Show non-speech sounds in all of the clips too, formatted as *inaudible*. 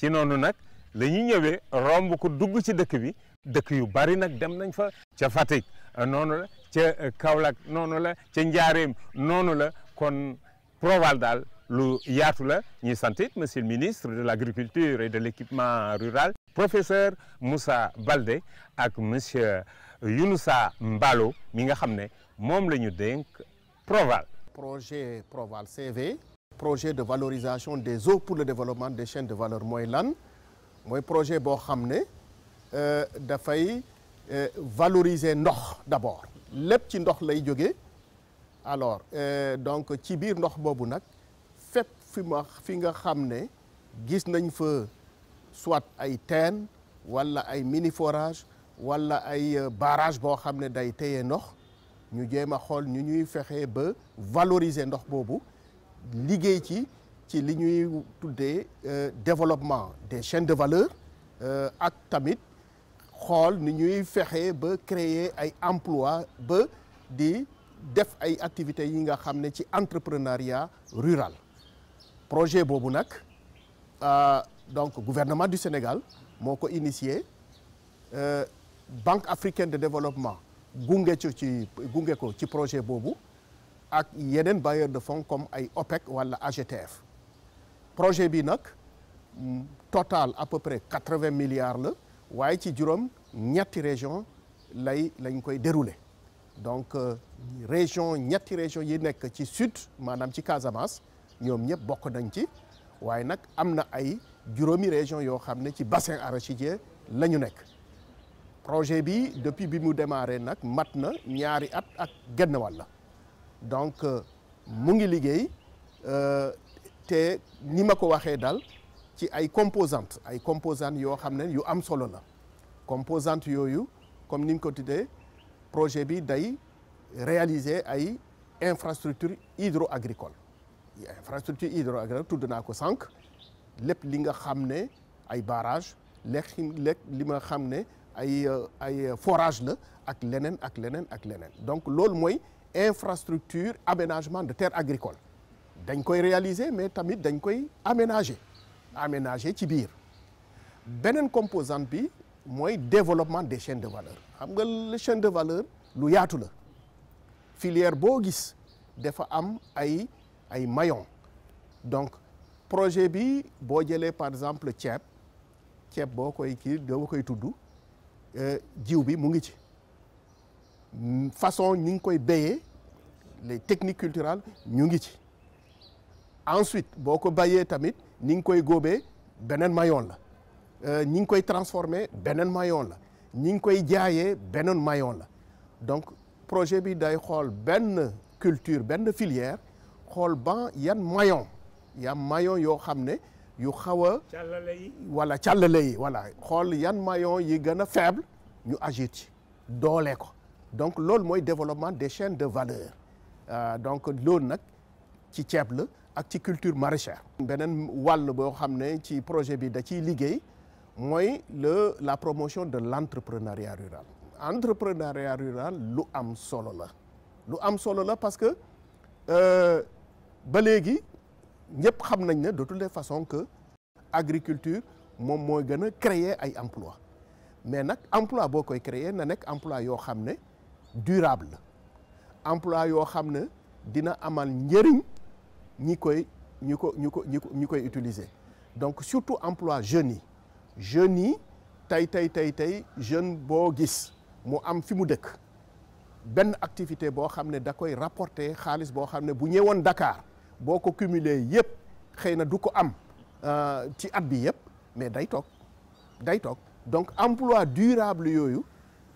ci noonu nag la ñëwee romb ko dugg ci dëkk bi dëkk yu bari nag dem nañ fa ca Fatick eh, noonu la ca eh, Kaolack noonu la ca Njaareem noonu la kon Proval daal lu yaatu la ñuy sant it monsieur ministre de l' agriculture et de l' rural professeur Moussa balde ak monsieur Younoussa Mbalo mi nga xam ne moom la ñu dénk Proval projet Proval CV projet de valorisation des eaux pour le développement des chaînes de valeur mooy lan projet boo xam ne euh, euh, valoriser ndox d'abord Lepp ci ndox lay jógee alors euh, donc ci bir ndox bobu nak fépp fi ma fi nga xamné gis nañ fa soit ay teen wala ay mini forage wala ay barrage bo xamné day téye ndox ñu jéma xol ñu ñuy fexé ba valoriser ndox bobu nous ci ci li ñuy euh, développement des chaînes de valeur euh, ak tamit xol ni ñuy ba créer ay emploi ba di activités yi nga xamné entrepreneuriat rural projet nak euh donc gouvernement du Sénégal moko initié. initié euh, Banque africaine de développement gungé ci gungé ko projet bobu ak yeneen bailleur de fonds comme ay OPEC wala AGTF projet bi nag total à peu près 80 milliards la waaye ci juróom ñetti région lay lañ koy dérouler donc euh, région ñetti région yi nekk ci sud maanaam ci Casamance ñoom ñëpp bokk nañ ci waaye nag am na ay juróomi région yoo xam ne ci bassin arachidier la ñu nekk projet bi depuis bi mu démarré nag mat na ñaari at ak genn wàll donc euh, mu ngi liggéey euh, te ni ma ko waxee daal ci ay composantes ay composantes yoo xam ne yu am solo la composantes yooyu comme ni ñu ko tuddee projet bi day réaliser ay infrastructure hydro-agricole infrastructure hydro-agricole tudd naa ko sànq lépp li nga xam ne ay barrage les lekk li ma xam ne ay euh, ay forage la ak leneen ak leneen ak leneen donc loolu mooy infrastructure aménagement de terres agricoles. Dagn koy réaliser mais tamit dagn koy aménager aménager ci biir Benen composante bi moy développement des chaînes de valeur xam nga les chaînes de valeur lu yaatu la filière bo gis dafa am ay ay maillon donc projet bi bo par exemple ceeb ceeb bokoy koy do doo koy euh jiw bi ci façon ñi koy bayé les techniques culturales ñu ngi ci ensuite boko bayé tamit ni koy góobee benen mayon la euh ngi koy transformer benen mayon la ñi koy jaayé benen mayon la donc projet bi day xol ben culture ben filière xol ban yan maillon yan maillon yoo xam yu xawa a yi wala càllale yi voilà xool yan maillon yi gëna faible ñu agir ci doole ko donc c'est le développement des chaînes de valeur euh, donc c'est culture maraîchère. projet la promotion de l'entrepreneuriat rural. entrepreneuriat rural c'est am solo la lu parce que euh, ba de toutes les façons que agriculture est créer emploi mais l'emploi emploi créé emploi durable emploi yo xam dina amal njëriñ ñi koy ñi ko ñi ko ñi koy utiliser donc surtout emploi jeunes jeune, jeunes tay tay tay jeune boo gis mu am fi mu dëkk ben activité bo xam da koy rapporter xaliss bo xam bu ñëwoon Dakar boko cumuler yépp xeyna du ko am euh, ci at bi mais day tok day tok donc emploi durable yoyu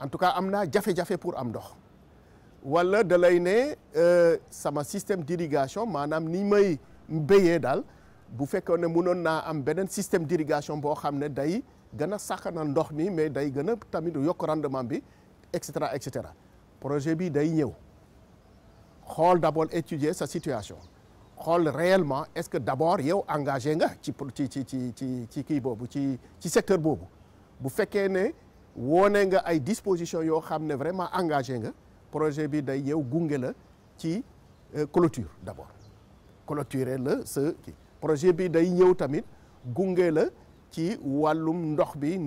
en tout cas amna naa jafe pour am ndox wala da lay euh sama système d'irrigation manam ni may béyee dal bu fekkoon ne mënoon am benen système d'irrigation bo xamné day gëna saxana ndox mi mais day gëna a tamit yokk rendement bi et cetera et cetera projet bi day ñew. Xol d'abord étudier sa situation Xol réellement est-ce que d'abord yow engagé nga ci ci ci ci ci ki bobu ci ci secteur bobu. bu fekkee ne woone nga ay disposition yo vraiment engagé nga projet bi day yow la euh, clôture d'abord clôturer le ce qui. projet bi day ñew tamit la ci bi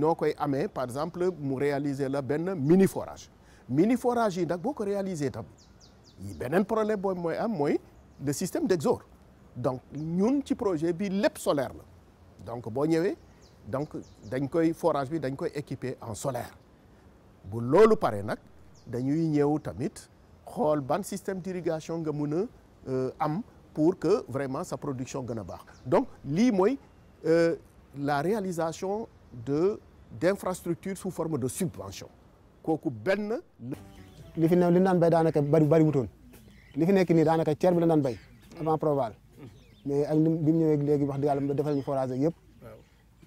par exemple mu réaliser la mini forage mini forage yi réaliser réaliser tam problème boy am le système d'exor donc ñun ci projet bi est solaire la donc vous donc dañ koy forage bi dañ koy équiper en solaire bu lolu paré nak dañuy ñëw tamit xol ban système d'irrigation nga mëna euh, am pour que vraiment sa production gëna a baax donc moy euh, la réalisation de d'infrastructure sous forme de subvention koku ben li fi ne li nane bay danaka bari bari wutoon li fi nek ni danaka tier bi la naan béy avant Proval hmm. mais ak bi mu ñëwee légui wax dëgg yàlla defal ñu forage ak yëpp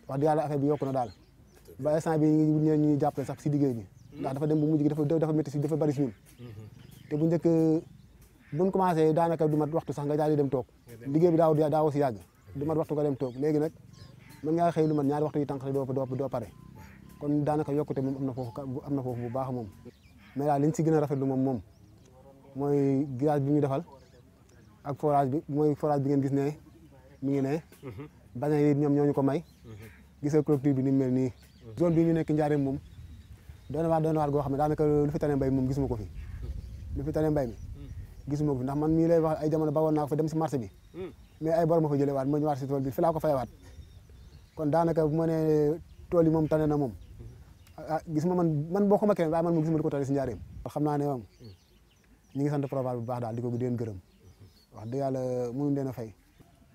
wax dëgg yàlla affaire bi yokku na daal ba instant bi ñeen ñuy jàppale sax si liggéey bi ndax dafa dem bu mujj gi dafa dafa métti si dafa bari si ñun te bu njëkk buñ commencé daanaka du mat waxtu sax nga jaay dem toog liggéey bi daa daaw si yàgg du mat waxtu nga dem toog léegi nag mën ngaa xëy lu mat ñaari waxtu yi tànqale doo doo pare kon daanaka yokkute moom am na foofu am na foofu bu baax moom mais daal liñ si gën a moom moom mooy grillage bi ñu defal ak forage bi mooy forage bi ngeen gis ne mi ngi ne mhm. basin yi ñoom ñoo ñu ko may. gisal clôture bi ni mu mel nii. zone bi ñu nekk Njaareem moom doon waat waar doon na waar goo xam ne daanaka lu fi mbay mi moom gisuma ko fi. lu fi tane mbay mi gisuma ko fi ndax man mii lay wax ay jamono bawoon naa ko fa dem si marché bi. mais ay bor ma fa jëlee waat ma si tool bi fi laa ko fayewaat kon daanaka bu ma tool yi moom tane na moom. ah gisuma man man boo ko ma keneen waaye man moom gisuma di ko tane si Njaareem. xam naa ne moom ñu ngi sant Proval bu baax daal di ko gën gërëm wax dëgg yàlla mënuñ leen a fay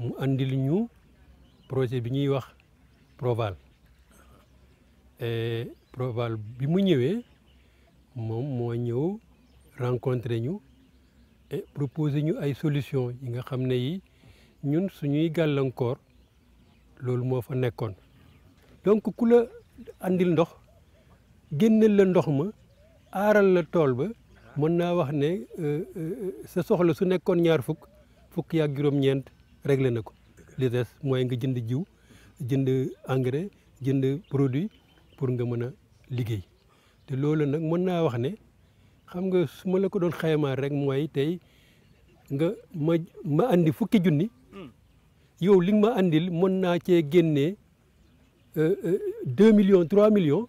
mu andil ñu projet bi ñuy wax Proval et Proval bi mu ñëwee moom moo ñëw rencontré ñu et proposé ñu ay solution yi nga xam ne yi ñun suñuy gàllankoor loolu moo fa nekkoon donc ku la andil ndox génneel la ndox ma aaral la tool ba mën naa wax ne euh, euh, euh, sa soxla su nekkoon ñaar fukk fukk yaak juróom-ñeent réglé na ko li des mooy nga jënd jiw jënd engrais jënd produit pour nga mën a liggéey te loolu nag mën naa wax ne xam nga su ma la ko doon xaymaa rek mooy tey nga ma ma andi fukki junni hmm. yow li nga ma andil mën naa cee génnee euh, euh, deux millions trois millions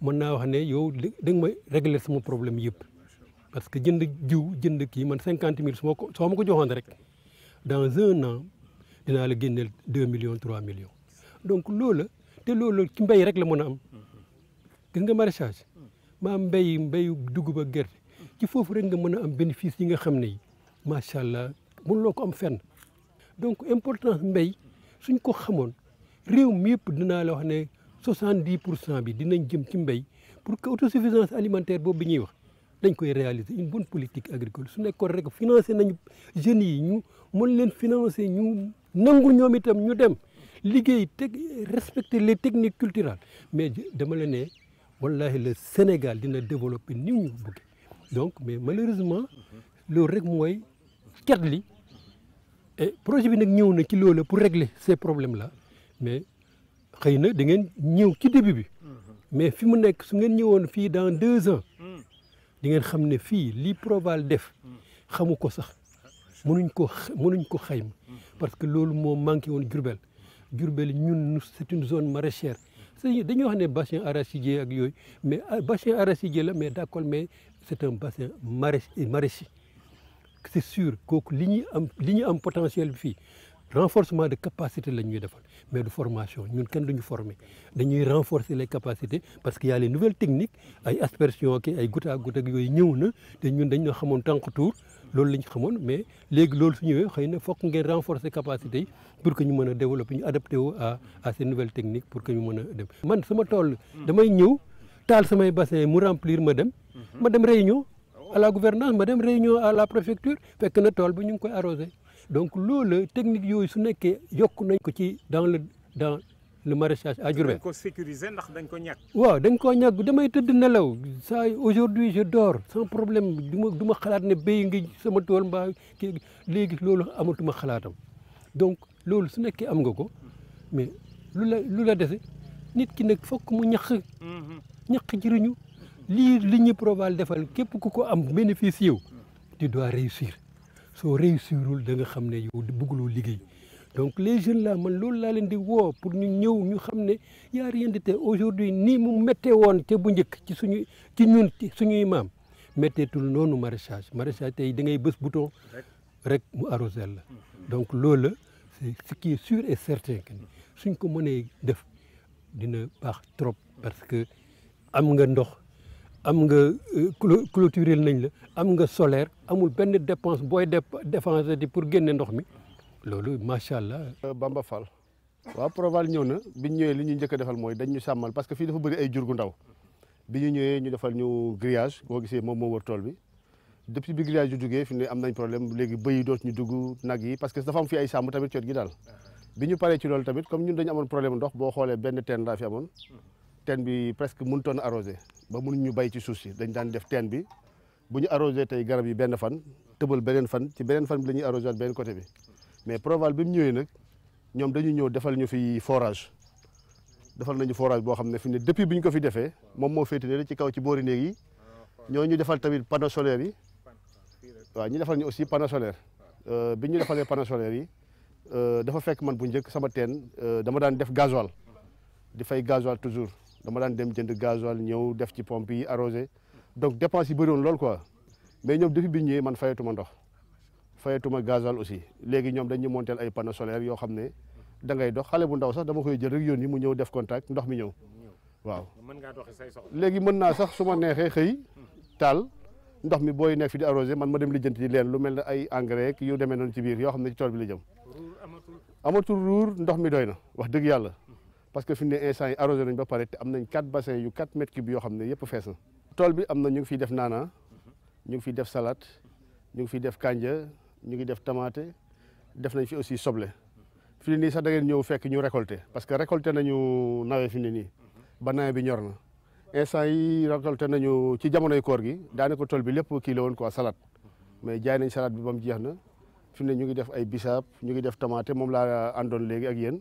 mën naa wax ne yow da nga ma régler sama problème yëpp parce que jënd jiw jënd kii man cinquante mille su ma ko soo ma ko joxoon rek dans un an dinaa la génneel deux millions trois millions donc loola te loola ci mbéy rek la mën a am gis nga maraîchage maam mbéy mbéyu dugub ak gerte ci foofu rek nga mën am bénéfice yi nga xam ne yi macha allah ko am fenn donc importance mbéy suñ ko xamoon réew mi yëpp dinaa la wax ne soixante dix pour cent bi dinañ jëm ci mbéy pour que autosuffisance alimentaire boobu bi ñuy wax dañ koy réaliser une bonne politique agricole su nekkoon rek financé nañu jeunes yi ñu mën leen financer ñu nangu ñoom itam ñu dem liggéey te respecter les techniques culturelles mais dama la ne wallahi le Sénégal dina développer ni ñu bëgg donc mais malheureusement le rek mooy ket et projet bi nag ñëw na ci loolu pour régler ces problèmes là mais xëy na da ngeen ñëw ci début bi mais fi mu nekk su ngeen ñëwoon fii dans deux ans hmm. di ngeen xam ne fii li Proval def hmm. xamu ko sax mënuñ ko mënuñ ko xayma mm-hmm. parce que loolu moo manqué woon Diourbel Diourbel ñun c'est une zone maraîchère c'est dañuy wax ne bassin arachidier ak yooyu mais ah, bassin arachidier la mais d'accord mais c'est un bassin euh, maraîcher c'est sûr kooku li ñuy am li ñuy am potentiel bi fii renforcement de capacité la ñuy defal mais de formation ñun kenn duñu former dañuy renforcer les capacités parce que y a les nouvelles techniques ay aspersion ak ay goutte à goutte ak yooyu ñëw na te ñun dañ xamoon tuur loolu lañ xamoon mais léegi loolu su ñëwee xëy na fokk ngeen renforcer capacité yi pour que ñu mën a développer ñu adapté wu à à ces nouvelles techniques pour que ñu mën a dem. man sama tool damay ñëw taal samay bassin mu remplir ma dem. Mhm. ma dem réunion à la gouvernance ma dem réunion à la préfecture fekk na tool bi ñu ngi koy arrosé donc loolu technique yooyu su nekkee yokk nañ ko ci dans le dans. le maraîchage à Diourbel. dañ ko sécuriser ndax dañ ko ñàkk. waaw dañ koo ñàkk damay tëdd nelaw sa aujourd'hui je door sans problème du ma du ma xalaat ne bay ngi sama tool mbaa kii léegi loolu amatuma xalaatam donc loolu su nekkee am nga ko mais lu la lu la dese nit ki nag fokk mu ñaq. Mhm. ñaq jëriñu lii li ñu Proval defal képp ku ko am bénéfice yow. tu dois réussir soo réussirul da danga xam ne yow bugguloo liggéey. donc les jeunes là man loolu laa di wo pour ñu ñew ñu xamné ya y a rien de tel aujourd'hui ni mu méttee woon té bu njëkk ci suñu ci ñun suñuy metté tul nonu maraîchage maraîchage tay da ngay bëss bouton rek mu arroser la donc lool c'est ce qui est sûr et certain que suñ ko mëne def dina baax trop parce que am nga ndox am nga euh, clôturer nañ la am nga solaire amul benn dépense booy dépense di pour génne ndox mi loolu macha allah. Euh, Bamba Fall waaw Proval ñëw na bi ñu ñëwee li ñu njëkk defal mooy dañ ñu sàmmal parce que fii dafa bëri ay jur gu ndaw bi ñu ñëwee ñu defal ñu grillage boo gisee moom moo wër tool bi depuis bi grillage yu jugee fi ne am nañ problème léegi bëy yi dootuñu dugg nag yi parce que dafa am fi ay sàmm tamit coot gi daal bi ñu paree ci loolu tamit comme ñun dañu amoon problème ndox boo xoolee benn teen laa fi amoon teen bi presque mënutoon arrosé ba mënuñu bay ci suuf si dañ daan def teen bi bu ñu arrosé tey garab yi benn fan tëbal beneen fan ci beneen fan la ñuy arrosé waat beneen bi mais Proval bi mu ñëwee nag ñoom dañu ñëw défal ñu fi forage défal nañu forage bo xamné fi né depuis buñ ko fi défé mom mo féete ne ci kaw ci boori néeg yi ñoo ñu défal tamit panneau solaire yi wa ñu défal ñu aussi panneau solaire euh biñu défalé panneau solaire yi euh dafa fekk man bu njëkk sama téne euh dama daan def gasoil di fay gasoil toujours dama daan dem jënd gasoil ñëw def ci pompe yi arroser donc dépense yi bëri lool quoi mais ñom depuis bi ñu ñëwee man fayatuma ndox. fayatuma gasoil aussi léegi ñoom dañu monteel ay panneaux solaires yoo xam ne da ngay dox xale bu ndaw sax dama koy jël rek yónni mu ñëw def contact ndox mi ñëw waaw léegi mën naa sax su ma neexee xëy taal ndox mi booy nekk fi di arrosé man ma dem lijjanti di leen lu mel na ay engrais yu demee noonu ci biir yoo xam ne ci tool bi la jëm amatul ruur ndox mi doy na wax dëgg yàlla parce que fi mu ne instant yi arrosé nañ ba pare te am nañ quatre bassins yu quatre mètres cubes yoo xam ne yëpp fees na tool bi am na ñu ngi fiy def ñu ngi fiy def salade ñu ngi fiy def kanja ñu ngi def tamaate def nañ fi aussi soble fi nii sax da ngeen ñëw fekk ñu récolter parce que récolter nañu nawet fi nii ba nawet bi ñor na instant yi recolte nañu ci jamonoy koor gi ko tool bi lépp kii la woon quoi salade mais jaay nañ salade bi ba jeex na fi ne ñu ngi def ay bisaab ñu ngi def tamaate moom laa àndoon léegi ak yen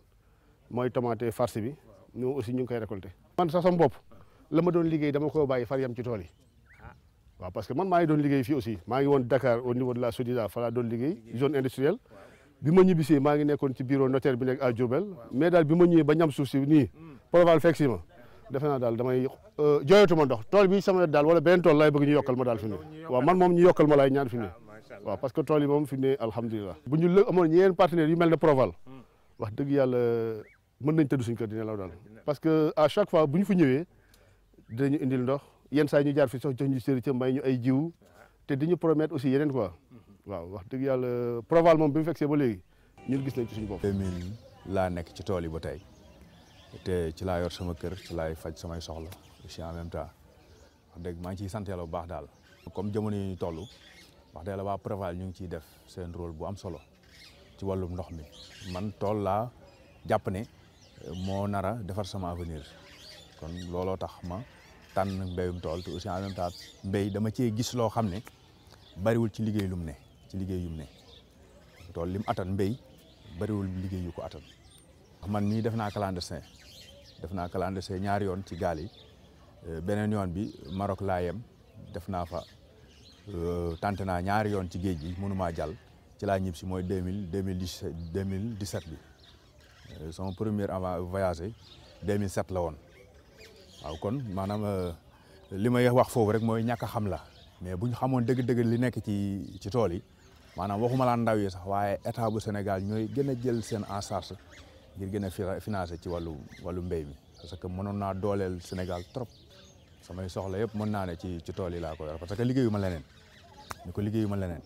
mooy tamaate farce bi ñu aussi ñu ngi koy récolter. man sax sama bopp la ma doon liggéey dama ko bàyyi far yam ci tool yi. waaw parce que man maa ngi doon liggéey aussi maa ngi Dakar au niveau de la SODIDA fa laa doon zone industrielle bi ma ñibbisee maa ngi nekkoon ci bureau notaire bi nek à Diourbel mais dal bi ma ba ñam suuf si nii hmm. Proval fekk si ma defe naa daal damay euh, ndox tol bi sama dal wala ben tol lay bëgg ñu yokal ma dal fi mu ne man mom ñu yokal ma lay ñaan fi ah, mu ne parce que tol yi mom fi mu ne alhamdulilah bu ñu lë amoon ñeneen yu mel Proval hmm. wax deug yalla mën nañ tëdd suñu kër dina law dal parce que à chaque fois bu ñu fi ñëwee dinañu indil ndox yenn saa ñu jaar fi sax jox ñu sëri ca may ñu ay jiw te di ñu promettre aussi yeneen quoi waaw wax dëgg yàlla Proval moom bi mu fekkee ba léegi ñun gis nañ ci suñu bopp. 2000 laa nekk ci tool yi ba tey te ci laa yor sama kër ci laay faj samay soxla aussi en même temps wax dëgg maa ngi ciy sant yàlla bu baax daal. comme jamono yi ñu toll wax dëgg yàlla waa Proval ñu ngi ciy def seen rôle bu am solo ci wàllum ndox mi man tool laa jàpp ne moo nar a defar sama avenir kon looloo tax ma. Tan bayum tol te aussi en même temps mbéy dama cee gis loo xam ne bariwul ci liggéey lum ne ci yum ne lim atan bayi, bariwul liggéey yu ko atan man mii def naa clandestin def naa clandestin ñaari yoon ci yi eh, yoon bi Maroc laa yem fa eh, tante na ñaari yoon ci géej gi mënumaa jàll ci laa ñib si mooy bi eh, sama premier avant voyage 2007 la waaw kon maanaam euh, li may wax foofu rek mooy ñàkk a xam la mais bu ñu xamoon dëgg-dëgg li nekk ci ci tool yi maanaam waxuma laa ndaw yi sax waaye état bu Sénégal ñooy gën a jël seen en charge ngir gën a financé ci wàllu wàllu mbéy mi parce que mënoon naa dooleel Sénégal trop samay soxla yëpp mën naa ne ci ci tool yi laa ko yor parce que liggéeyu ma leneen ñu ko liggéeyu ma leneen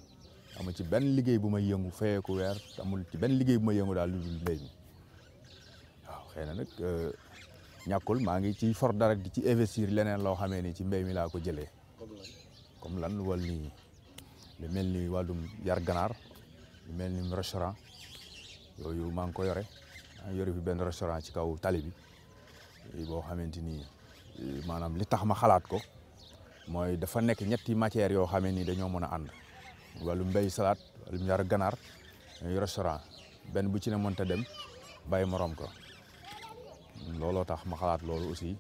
amul ci benn liggéey bu may yëngu ku weer amul ci benn liggéey bu ma yëngu daal lu dul xëy na nag euh, ñàkkul maa ngi ci for dara di ci investir leneen loo xamee ni ci mbéy mi laa ko jëlee comme lan wal ni lu mel ni wàllum yar ganaar lu restaurant yooyu ngi ko yore maa fi benn restaurant ci kaw tali bi eh, boo xamante ni eh, maanaam li tax ma xalaat ko mooy dafa nekk ñetti matières yoo xamee ni dañoo mën a ànd wàllum mbéy salaat yar eh, restaurant bu ci ne dem bàyyi morom ko looloo tax ma xalaat loolu aussi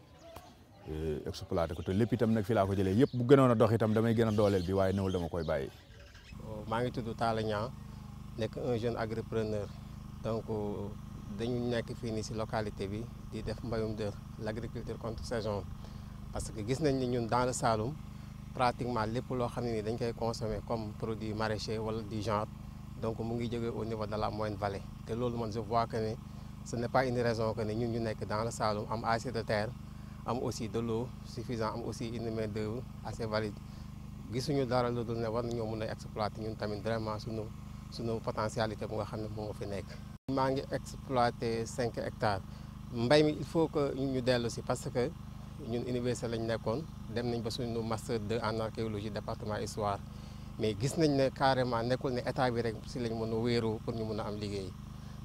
euh, exploité ko te lépp itam nag fii laa ko jëlee yëpp bu gënoon a dox itam damay gën a dooleel bi waaye néewul dama koy bàyyi. maa ngi tudd Talla Niang nekk un jeune agripreneur donc euh, dañu nekk fii nii si localité bi di def mbayum dër l' agriculture contre saison parce que gis nañ ni ñun dans le Saloum pratiquement lépp loo xam ne ni dañ koy consommer comme produit maraîcher wala du genre donc mu ngi jógee au niveau de la moyen Vallée te loolu man je vois que ce n'est pas une raison que ne ñun ñu nekk dans le Saloum am assez de terre am aussi de l'eau suffisant am aussi une main d'œuvre assez valide gisuñu dara lu dul ne war nañoo mën a exploiter ñun tamit vraiment sunu sunu potentialité bu nga xam ne moo fi nekk. maa ngi exploiter 5 hectares mbay il faut que ñu dellu si parce que ñun université lañ nekkoon dem nañ ba suñu master 2 en archéologie département histoire mais gis nañ ne carrément nekkul ne état bi rek si lañ mën a pour ñu mën a am liggéey.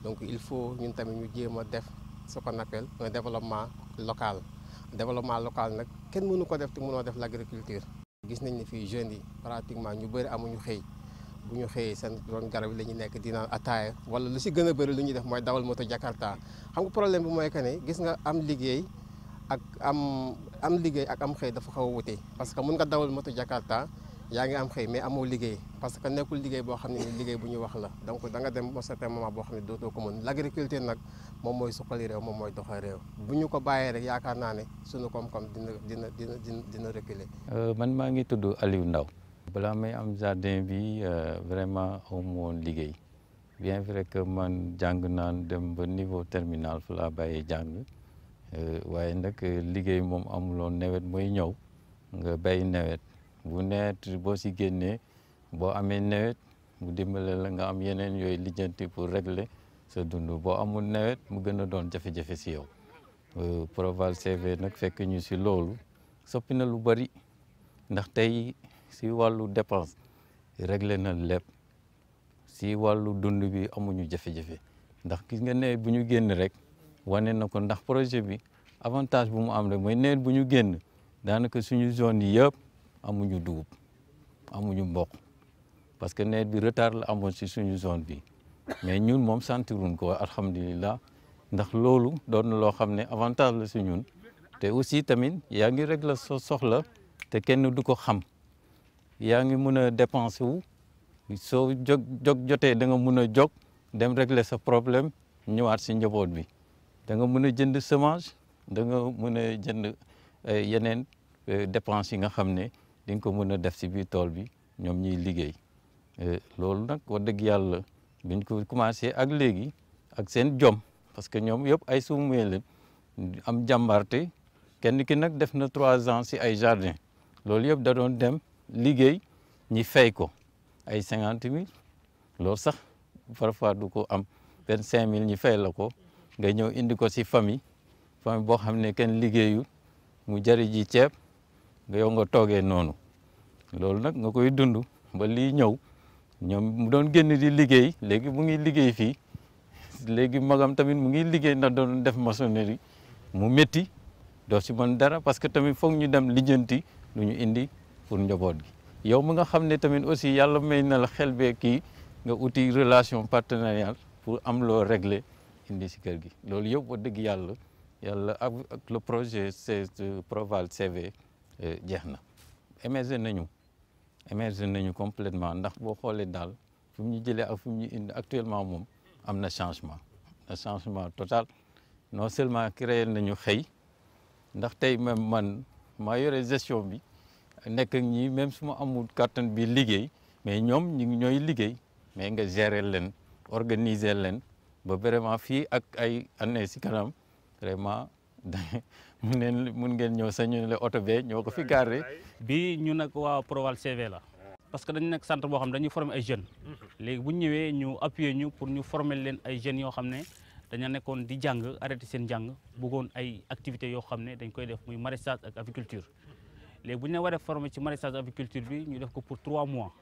donc il faut ñun tamit ñu jéem a def ce qu'on appelle un développement local développement local nag kenn mënu ko def te mënoo def l'agriculture gis nañ ne fii jeunes yi pratiquement ñu bëri amuñu xëy bu ñu xëyee seen ron garab yi la ñuy nekk dinaan ataaya wala lu si gën a lu ñuy def mooy dawal moto Jakarta xam nga problème bi mooy que ne gis nga am liggéey ak am am liggéey ak am xëy dafa xaw a wute parce que mun nga dawal moto Jakarta yaa ngi am xëy mais amoo liggéey parce que nekkul liggéey boo xam ne liggéey bu ñu wax la donc danga dem ba certain moment boo xam ne dootoo ko mën l' nag moom mooy suqali réew moom mooy doxal réew bu ñu ko bàyyee rek yaakaar naa ne suñu koom dina dina dina dina dina reculer. Euh, man maa ngi tudd Aliou Ndaw balaa may am jardin bi euh, vraiment aw woon liggéey bien vrai que man jàng naan dem ba niveau terminal fa bàyyee jàng euh, waaye nag liggéey moom amuloon nawet mooy ñëw nga bay nawet bu nawet boo si génnee. boo amee newet mu dimbale la nga am yeneen yooyu lijjanti pour régler sa dund boo amul nawet mu gën a doon jafe-jafe si yow euh, Proval CV nag fekk ñu si loolu soppi na lu bëri ndax tey si wàllu dépense régler na lépp si wàllu dund bi amuñu jafe-jafe ndax gis nga nawet bu ñu génn rek wane na ko ndax projet bi avantage bu mu am rek mooy nawet bu ñu génn daanaka suñu zone yi yëpp amuñu dugub amuñu mboq parce que neet bi retard la amoon si suñu zone bi mais ñun moom sentiruñ ko alhamdulilah ndax loolu doon na loo xam ne avantage la si ñun te aussi tamit yaa ngi regla soo soxla te kenn du ko xam yaa ngi mun a dépenser wu soo jog jog jotee danga nga a jog dem regle sa problème ñëwaat si njaboot bi da nga mun a jënd semence da nga mun a jënd eh, yeneen eh, dépenses yi nga xam ne di ko mun a def si biir tool bi ñoom ñuy liggéey. Euh, loolu nag wax dëgg yàlla biñ ko commencé ak léegi ak seen jom parce que ñoom yëpp ay suumee leen am jàmbarte kenn ki nag def na trois ans si ay jardin loolu yëpp dadoon dem liggéey ñi fay ko ay cinquante mille loolu sax parfois du ko am vingt cinq mille ñi fay la ko nga ñëw indi ko si famille famille boo xam ne kenn liggéeyu mu jari ji ceeb nga yow nga toogee noonu loolu nag nga koy dund ba lii ñëw ñoom doon génn di liggéey léegi mu ngi liggéey fii léegi magam tamit mu ngi liggéey ndax doon def maçonnerie mu métti doo si mën dara parce que tamit foog ñu dem lijjanti lu ñu indi pour njaboot gi yow mu nga xam ne tamit aussi yàlla may na la xel bee kii nga uti relation partenariale pour am loo régler indi si kër gi loolu yëpp wax dëgg yàlla yàlla ak le projet c'est Proval CV eh, jeex na émergé nañu émergé nañu complètement ndax bo xolé dal fu mu ñu ak fu ñu actuellement mom amna changement na changement total non seulement créé nañu xëy ndax tay même man maa yore gestion bi nek ak ñi même suma ma amul carton bi liggéey mais ñom ñi ñoy ñooy liggéey mais nga gérer leen organiser leen ba vraiment fi ak ay année ci kanam vraiment *laughs* mun mën ngeen ñëw sa ñu le auto oto bee ñoo ko fi garé. bi ñu nag wa Proval CV la. parce que dañ nek centre bo xamne dañuy former ay jeunes. légui bu ñëwé ñu appuyer ñu pour ñu former leen ay jeunes yo xam ne dañu nekkon di jang arrêté seen jàng bëggoon ay activité yo xam dañ koy def muy maraîchage ak agriculture légui bu ñu la waree former ci maraîchage agriculture bi ñu def ko pour 3 mois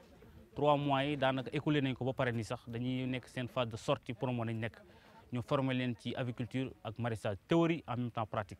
3 mois yi daanaka écoulé nañ ko ba paré ni sax dañuy nekk seen phase de sortie promo nañ nekk ñu former leen ci agriculture ak maraîchage théorie en même temps pratique.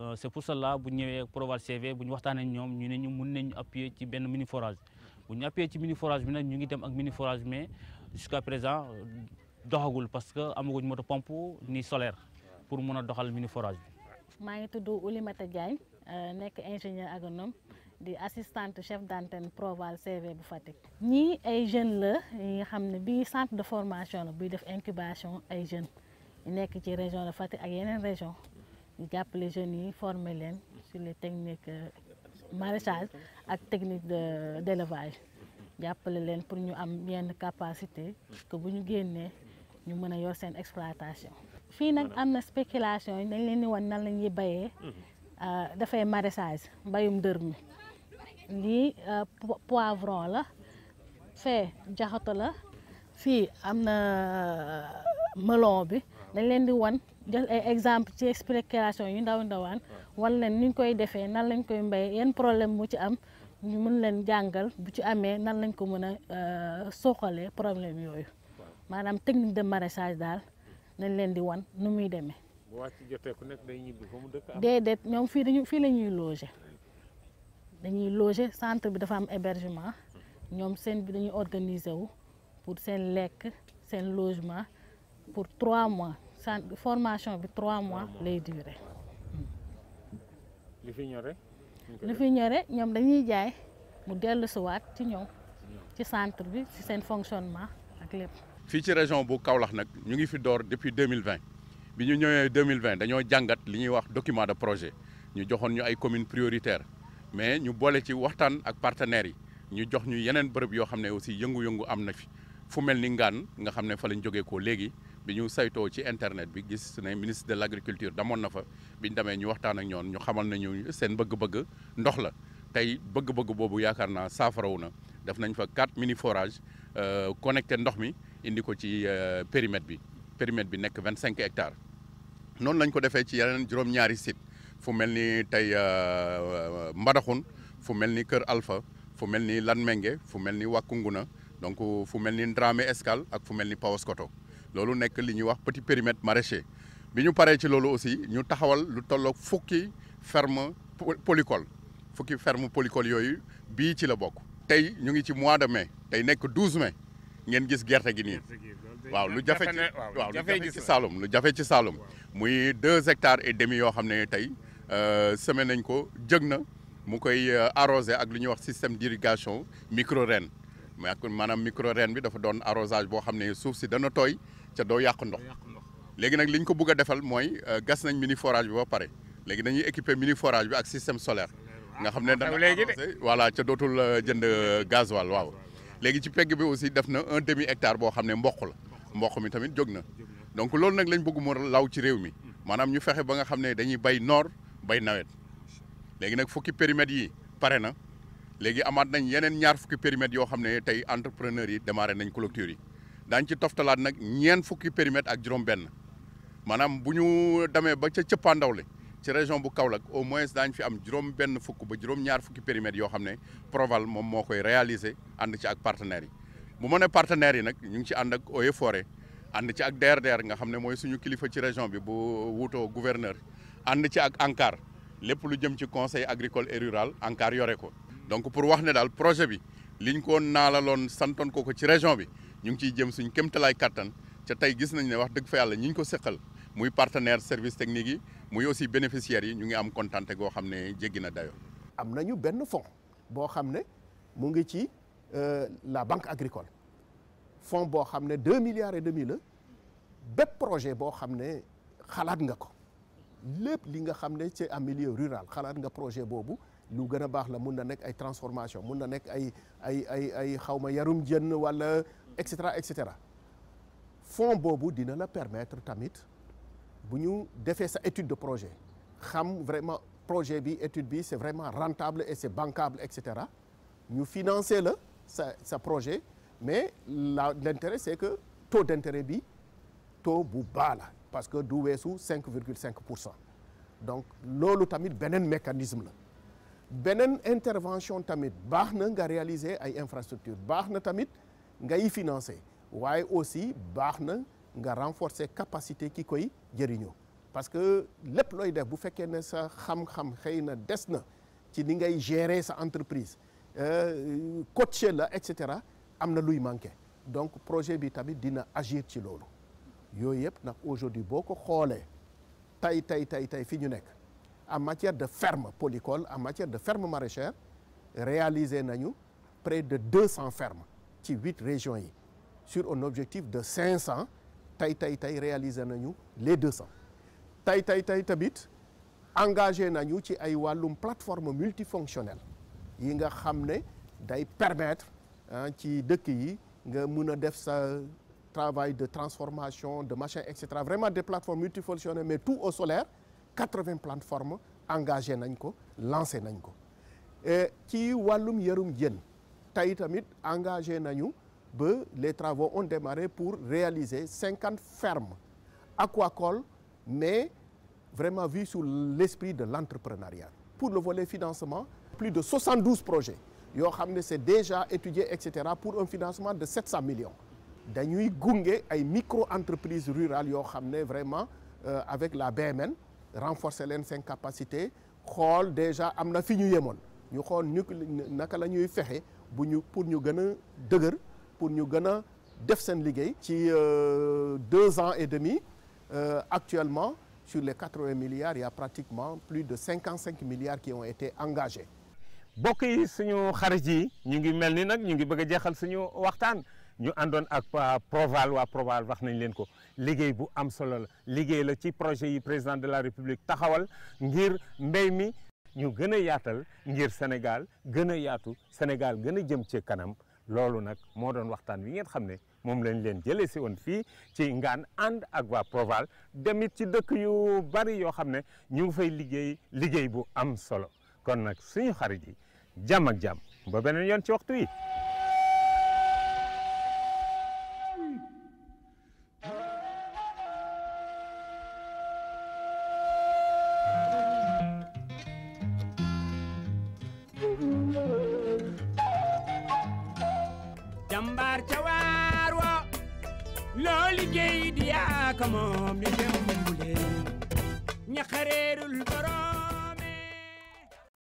Euh, c' est pour cela bu ñëwee Proval CV bu ñu ñom ñu né ñu mun nañu appuyer ci benn mini forage bu ñu appuyer ci mini forage bi nak ñu ngi dem ak mini forage mais jusqu'à présent euh, doxagul parce que amaguñ moto pompe ni solaire pour mëna doxal mini forage bi. maa ngi tudd Oulimata Diagne euh, nekk ingénieur agronome di assistante chef d'antenne Proval CV bu Fatick. ñi ay jeunes la yi nga xam ne centre de formation la def incubation ay jeunes nekk ci région de Fatick ak yenen région jàppale jeunes yi former leen sur les techniques euh, maraîchage ak technique de d'élevage jàppale leen pour ñu am yenn capacité que bu ñu génnee ñu mën a yor seen exploitation fii nag am spéculation yi dañ leen di wan nan la ñuy bayee mhm. euh, dafay maraîchage bayum dër mi lii euh, poivron la fee jaxato la fii am melon bi dañ leen di wan jël exemple ci explication yu ndaw ndawaan wala leen ni ñu koy defee nan lañ koy mbéy yenn problème bu ci am ñu mën leen jàngal bu ci amee nan lañ ko mën a euh, suuxalee problème yooyu maanaam technique de maraîchage daal nañ leen di wan nu muy demee. bu wàcc jotee ku day ñibbi dëkk am. déedéet ñoom fii dañu fii la loger dañuy loger centre bi dafa am hébergement ñom seen bi dañuy organiser wu pour seen lek seen logement pour 3 mois. formation bi trois mois lay durer. li fi ñoré li fi ñoré ñoom dañuy jaay mu dellusiwaat ci ñoom. ci centre bi ci sen fonctionnement ak lépp. fi ci région bu Kaolack nak ñu ngi fi door depuis 2020 bi ñu ñëwee 2020 mille dañoo jàngat li ñuy wax document de projet ñu joxoon ñu ay communes prioritaires mais ñu bolé ci waxtan ak partenaires yi ñu jox ñu yeneen bërëb yoo xam ne aussi yëngu-yëngu am na fi fu mel ni nga xam ne fa lañ jógee ko léegi. bi ñu saytoo ci internet bi gis ne ministre de l' agriculture damoon na fa bi ñu demee ñu waxtaan ak ñoon ñu xamal nañu seen bëgg-bëgg ndox la tey bëgg-bëgg boobu yaakaar naa saafarawu na def nañ fa quatre mini forage euh, connecté ndox mi indi ko ci euh, périmètre bi périmètre bi nekk vingt cinq hectares noonu lañ ko defee ci yeneen juróom-ñaari site fu mel ni tey euh, Mbadaxun fu mel ni Kër Alpha fu mel ni Lanmengue fu mel ni na donc fu mel ni Ndramé Escale ak fu mel ni Paoskoto lolu nek liñu wax petit périmètre maraîcher aussi ñu taxawal lu fukki ferme polycole fukki ferme polycole ci la bok. ñu ngi mois de mai tay 12 mai ngeen gis waaw lu ci waaw deux hectares et demi euh, nañ ko mu koy euh, système d'irrigation micro rain mais micro rain bi dafa doon arrosage bo doo yàqu ndox léegi nag li ñu ko bëgg a defal mooy euh, gas nañ mini forage bi ba pare léegi nañu équiper mini forage bi ak système solaire nga xam ne dana voilà ca dootul euh, jënd euh, gasoil waaw léegi ci pegg bi aussi def na un demi hectare boo xam ne mboq la mboq mi tamit jóg na donc loolu nag lañ bëgg mu law ci réew mi maanaam ñu fexe ba nga xam ne dañuy bay noor bay nawet léegi nag fukki périmètres yi pare na léegi amaat nañ yeneen ñaar fukki périmètres yoo xam ne tey entrepreneurs yi démarré nañ clôture yi daañ ci toftalaat nag ñeen fukki périmètre ak juróom-benn maanaam bu ñu demee ba ca cëppaandaw le ci région bu Kaolack au moins daañ fi am juróom-benn fukk ba juróom-ñaar fukki périmètres yoo xam ne Proval moom moo koy réaliser ànd ci ak partenaires yi bu ma nee partenaires yi nag ñu ngi ci ànd ak Eaux et Forêts ànd ci ak DRDR nga xam ne mooy suñu kilifa ci région bi bu wutoo gouverneur ànd ci ak ANCAR lépp lu jëm ci conseil agricole et rural ANCAR yore ko donc pour wax ne daal projet bi liñ ko naalaloon santoon ko ko ci région bi ñu ngi ciy jëm suñ kémtalaay kattan ca tey gis nañ ne wax dëgg fa yàlla ñu ngi ko seqal muy partenaire service technique yi muy aussi bénéficiaire yi ñu ngi am kontante goo xam ne jéggi na dayoo. am nañu benn fonds boo xam ne mu ngi ci euh, la banque agricole fonds boo xam ne deux milliards et demi la bépp projet boo xam ne xalaat nga ko lépp li nga xam ne ci am milieu rural xalaat nga projet boobu lu gën a baax la mun na nekk ay transformation mun na nekk ay ay ay ay xaw ma yarum jën wala ...etc, etc. fonds boobu dina la permettre tamit de faire sa étude de projet xam vraiment projet bi étude bi c'est vraiment rentable et c'est bancable etc. Nous finançons financer projet mais l'intérêt c'est que taux d'intérêt bi taux bu bas parce que du sous cinq virgule donc loolu tamit benen mécanisme la une intervention tamit une nga réaliser ay infrastructures tamit ngay financer waye aussi baxna nga renforcer capacité ki koy jeriño parce que lepp loy def bu fekkee ne sa xam-xam xeyna desna ci ni ngay gérer sa entreprise euh, coacher la et cetera am luy manquer donc projet bi tamit dina agir ci lolu yoyep nak aujourd'hui boko xolé tay tay tay tay tey fi ñu en matière de ferme polycole en matière de ferme maraîchère réalisé nañu près de 200 fermes ci huit régions sur un objectif de 500 Taïtaï tay les 200 tay tay tay tabit engagé nañu ci ay walum plateforme multifonctionnelle yi nga xamné permettre hein, ci travail de transformation de machin etc vraiment des plateformes multifonctionnelles mais tout au solaire 80 plateformes engagées, nañ ko lancé nañ ko ci walum Taïtamit tamit engagé les travaux ont démarré pour réaliser 50 fermes aquacoles mais vraiment vu sous l'esprit de l'entrepreneuriat pour le volet financement plus de 72 projets c'est déjà étudié etc. pour un financement de 700 millions dañuy avons une micro entreprise rurale. vraiment euh, avec la BMN renforcer ses capacités. capacité déjà fini. Nous avons ñu pour ñu gagner a pour ñu gagner def sen liguey ci euh, deux ans et demi euh, actuellement sur les 80 milliards il y a pratiquement plus de 55 milliards qui ont été engagés. Beaucoup yi suñu xarit yi ñu ngi mel ni nag ñu ngi bëgg a jeexal suñu waxtaan ñu àndoon ak euh, Proval waa Proval wax nañ leen ko liggéey bu am solo la liggéey la ci projet yi président de la République taxawal ngir mbéy mi. ñu gën a yaatal ngir Sénégal gën a yaatu Sénégal gën a jëm ci kanam loolu nag moo doon waxtaan wi ngeen xam ne moom lañ leen jëlee si woon fii ci ngaan ànd ak waa Proval demit ci dëkk yu bari yoo xam ne ñu ngi fay liggéey liggéey bu am solo kon nag suñu xarit yi jàmm ak jàmm ba beneen yoon ci waxtu yi